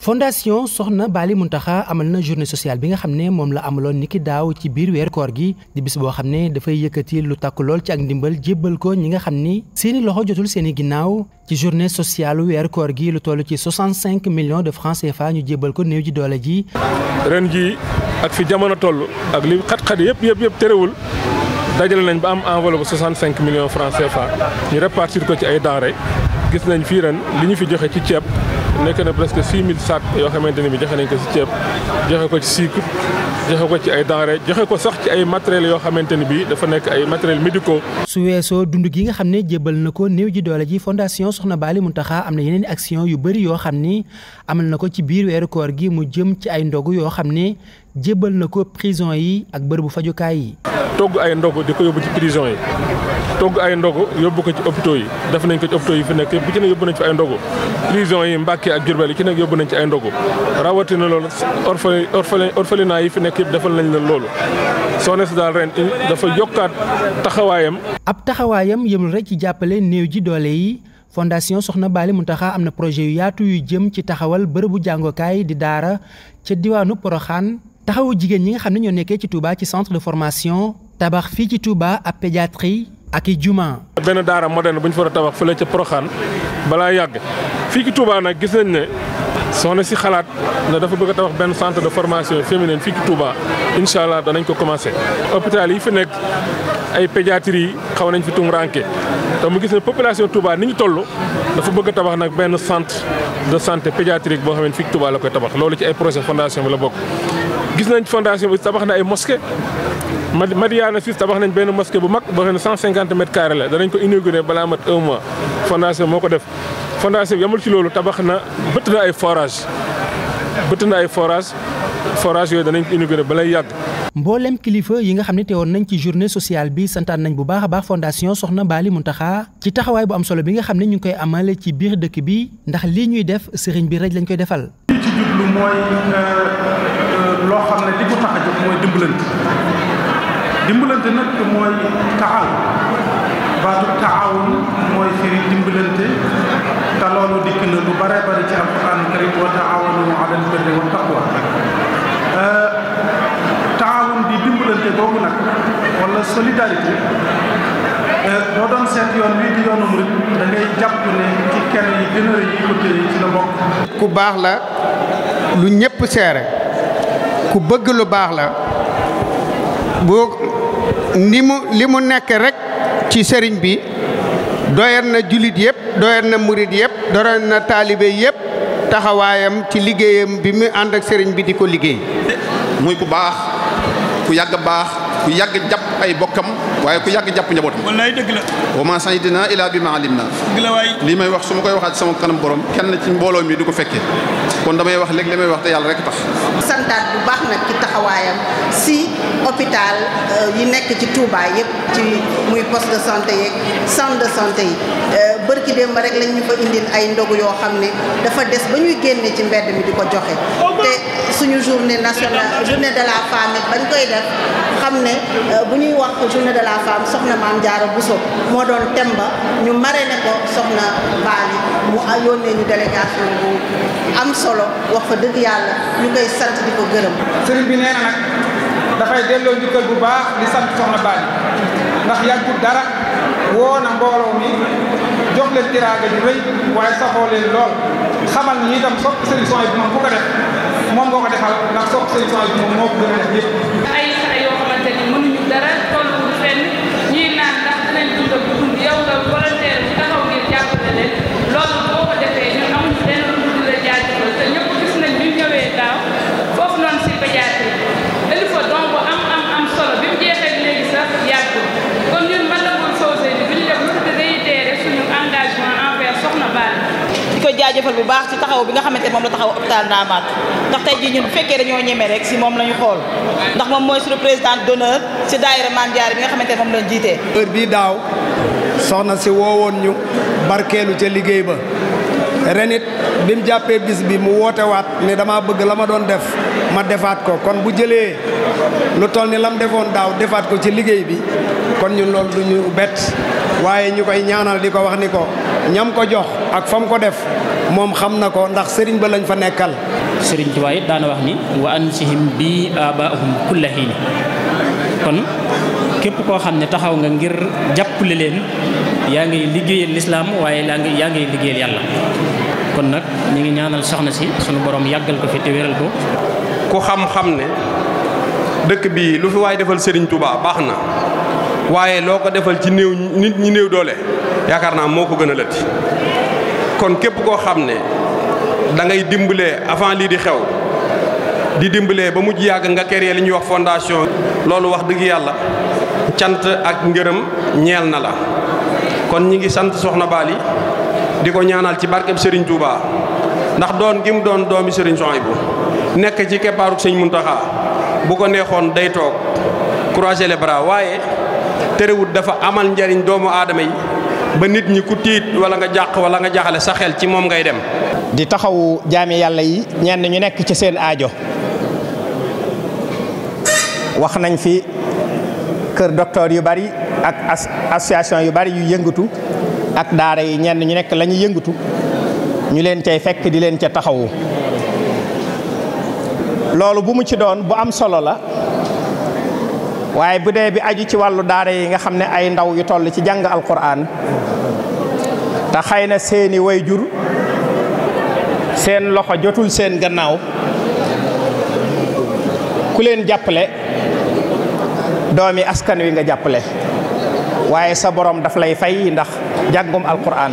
fondation soxna Baali Muntaxa amal na journée sociale bi nga xam ne moom la amaloon niki daaw ci biir weeru koor gi di bis boo xam ne dafay yëkkati lu takku lool ci ak ndimbal jébbal ko ñi nga xam ni seeni loxo jotul seeni ginnaaw ci journée sociale weeru koor gi lu toll ci 65 millions de francs CFA ñu jébbal ko néew ji doole ji. ren ji ak fi jamono toll ak li xat-xat yëpp yëpp yëpp terewul dajale nañ ba am enveloppe 65 millions francs CFA ñu répartir ko ci ay denrées gis nañ fii ren li ñu fi joxe ci ceeb. nekk na presque 6000 sacs yoo xamante ne bi joxe nañ ko ci ceeb joxe ko ci sucre joxe ko ci ay denrées joxe ko sax ci ay matériels yoo xamante ni bi dafa nekk ay matériels médicaux. su weesoo dund gi nga xam ne jébbal na ko néew ji doole ji fondation Soxna Baali Muntaxa am na yeneen action yu bëri yoo xam ni amal na ko ci biir weeru koor gi mu jëm ci ay ndogu yoo xam ne jébbal na ko prison yi ak bërëbu fajukaay yi. togg ay ndog di ko yóbbu ci prison yi togg ay ndog yóbbu ko ci hôpitaux yi def nañ ko ci hôpitaux yi fi nekk bu ci ne yóbbu nañ ci ay ndog prison yi Mbàkke ak Jurbel ci nekk yóbbu nañ ci ay rawatina loolu orphelin orphelin orphelinat yi fi nekk defal nañ la loolu soo ne si daal ren dafa yokkaat taxawaayam. ab taxawaayam yëmul rek ci jàppale néew ji doole yi. fondation Soxna Baali Muntaxa am na projet yu yaatu yu jëm ci taxawal bërëbu jàngokaay di daara ca diwaanu Poroxaan taxawu jigéen ñi nga xam ne ñoo nekkee ci Touba ci centre de formation tabax fii ci Touba ab pédiatrie ak i juma. benn daara moderne bu ñu fa a fu la ca Proxaan balaa yàgg fii ki Touba nag gis nañ ne soxna si xalaat ne dafa bëgg a tabax benn centre de formation féminine fii ci Touba incha allah danañ ko commencé. hôpital yi fi nekk ay pédiatrie xaw nañ fi tum ranke mu gis ne population Touba ni ñu toll dafa bëgg a tabax nag benn centre de santé pédiatrique boo xam ne fii ci koy tabax loolu ci ay projet fondation bi la bokk. gis nañ fondation bi tabax na ay mosquée Madiana Ciss tabax nañ benn mosquée bu mag boo xam ne 150 mètres carrés la danañ ko inauguré balaa mat un mois fondation moo ko def fondation bi yamul ci loolu tabax na bëtt na ay forage bëtt na ay forage forage yooyu danañ ko inauguré balay yàgg mboolem kilifa yi nga xam ne woon nañ ci journée sociale bi santaan nañ bu baax a baax fondation Soxna Baali Muntaxa ci taxawaay bu am solo bi nga xam ne ñu ngi koy amale ci biir dëkk bi ndax lii ñuy def sëriñ bi rek lañ koy defal. li loo xam ne li ko tax a jóg mooy dimbalante dimbalante nag mooy taxaw baatu taawun mooy firi dimbalante te loolu dikk na lu bare bari ci alquran karim wa taawanu alal birri wa taqwa euh, taawun di dimbalante boobu nag wala solidarité euh, boo doon seet yoon wi di yoonu murid da jàpp ne ci kenn yi gën a rëy yi ci la bokk ku baax la lu ñëpp seere ku bëgg lu baax la bu li mu nekk rekk ci sëriñ bi doyal na jullit yëpp doyal na murit yëpp doyal na taalibe yëpp taxawaayam ci liggéeyam bi mu ànd ak sëriñ bi di ko liggéey muy ku baax ku yàgg baax ku yàgg jàpp jàpp ay bokkam waaye ku yàgg jàpp njabootam wallaay dëgg la wa bi ma alim na dëgg la waay lii may wax su ma koy waxaat sama kanam borom kenn ci mbooloo mi du ko fekkee kon damay wax léegi li may wax te yàlla rek tax santaat bu baax nag ci taxawaayam si hôpital euh, yi nekk ci Touba yëpp ci muy poste de santé yeeg centre de santé yi euh, bërki démb rek lañ ñu fa ay ndogu yoo xam ne dafa des ba ñuy génne ci mbedd mi di ko joxe te suñu journée nationale journée de la femme bañ koy def xam ne euh, ñuy wax journée de la femme soxna maam bu so moo doon thème ba ñu marraine ko soxna Baali mu yónnee ñu délégation bu am solo wax fa dëgg yàlla ñu koy sant di ko gërëm. sëriñ bi nee na dafay delloo njukkal bu baax di sant soxna Baali ndax yàggut dara woo na mbooloo mi jox leen tiraanga ju rëy waaye saxoo leen lool xamal ni itam sopp solution yi moom bu ko def moom boo ko defal ndax sopp solution yi moom moo gën a def yëpp. jaajëfal bu baax ci taxaw bi nga xamante ne moom la taxaw hôpital Ndamaat ndax tey jii ñun bu fekkee dañoo ñeme rek si moom la ñu xool ndax moom mooy suñu président d'honneur si daayira Mame Diarra bi nga xamante ne moom lañ jiitee heure bii daaw soxna si woowoon ñu barkeelu ca liggéey ba ren it bi mu jàppee bis bi mu woote waat ne damaa bëgg la ma doon def ma defaat ko kon bu jëlee lu toll ni lam defoon daaw defaat ko ci liggéey bi kon ñun loolu du ñu bett waaye ñu koy ñaanal di ko wax ni ko ñam ko jox ak fam ko def moom xam na ko ndax sëriñ ba lañ fa nekkal sëriñ Tuubaa it daana wax ni wa ansihim bii abaahum kulla hiin kon képp koo xam ne taxaw nga ngir jàppale leen yaa ngi liggéeyal lislaam waaye yaa ngi yaa ngi liggéeyal yàlla kon nag ñu ngi ñaanal soxna si sunu borom yàggal ko fi te wéral ko ku xam-xam ne dëkk bi lu fi waay defal sëriñ tubaa baax na waaye loo ko defal ci néew nit ñi néew doole yaakaar naa moo ko gën a lëtti kon képp koo xam ne dangay ngay dimbalee avant lii di xew di dimbalee ba mujj yàgg nga créer li ñuy wax fondation loolu wax dëgg yàlla cant ak ngërëm ñeel na la kon ñi ngi sant soxna Bali di ko ñaanal ci barkeb Serigne Touba ndax doon gi mu doon doomi Serigne Souhaïbou nekk ci keppaaru Serigne Mountakha bu ko neexoon day toog croiser les waaye terewut dafa amal njariñ doomu aadama yi ba nit ñi ku tiit wala nga jàq wala nga jaxale sa xel ci moom ngay dem. di taxawu jaami yàlla yi ñenn ñu nekk ci seen aajo wax nañ fi kër docteur yu bari ak association yu bari yu yëngatu ak daara yi ñenn ñu nekk la ñuy ñu leen cay fekk di leen ca taxawu loolu bu mu ci doon bu am solo la. waaye bu dee bi aju ci wàllu daara yi nga xam ne ay ndaw yu toll ci jàng alquran te xëy na seeni way jur seen loxo jotul seen gannaaw ku leen jàppale doomi askan wi nga jàppale waaye sa borom daf lay fay ndax jàngum alquran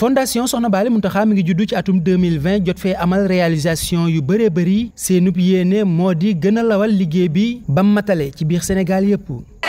fondation Soxna Baali Muntaxa mi ngi juddu ci atum 2020 jot fee amal réalisation yu bëree bëri seenub yéene moo di gën a lawal liggéey bi ba matale ci biir Sénégal yëpp